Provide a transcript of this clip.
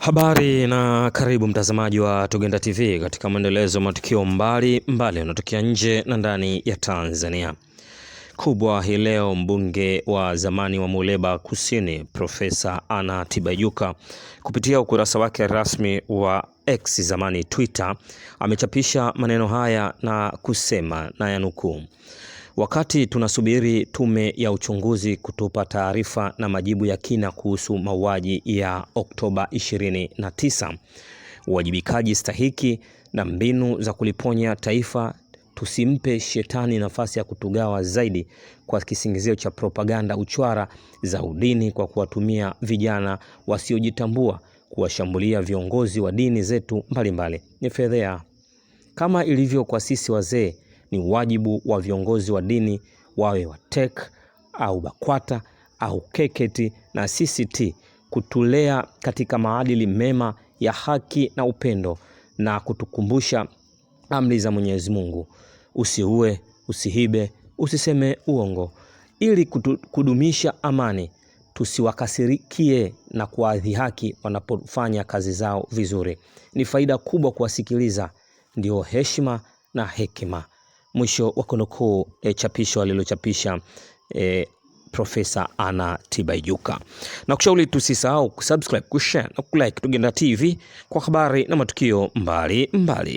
Habari na karibu mtazamaji wa Tugenda TV katika mwendelezo wa matukio mbali mbali yanayotokea nje na ndani ya Tanzania. Kubwa hii leo, mbunge wa zamani wa Muleba Kusini Profesa Anna Tibaijuka kupitia ukurasa wake rasmi wa X zamani Twitter amechapisha maneno haya na kusema na yanukuu Wakati tunasubiri tume ya uchunguzi kutupa taarifa na majibu ya kina kuhusu mauaji ya Oktoba 29, uwajibikaji stahiki na mbinu za kuliponya taifa, tusimpe shetani nafasi ya kutugawa zaidi kwa kisingizio cha propaganda uchwara za udini kwa kuwatumia vijana wasiojitambua kuwashambulia viongozi wa dini zetu mbalimbali. Ni fedhea kama ilivyo kwa sisi wazee ni wajibu wa viongozi wa dini wawe wa TEC au BAKWATA au KKKT na CCT kutulea katika maadili mema ya haki na upendo na kutukumbusha amri za Mwenyezi Mungu: usiue, usihibe usiseme uongo, ili kutu, kudumisha amani. Tusiwakasirikie na kuwadhihaki wanapofanya kazi zao vizuri. Ni faida kubwa kuwasikiliza, ndio heshima na hekima. Mwisho wa kunukuu e, chapisho alilochapisha e, Profesa Anna Tibaijuka. Na kushauri tusisahau kusubscribe, kushare na kulike Tugenda TV kwa habari na matukio mbali mbali.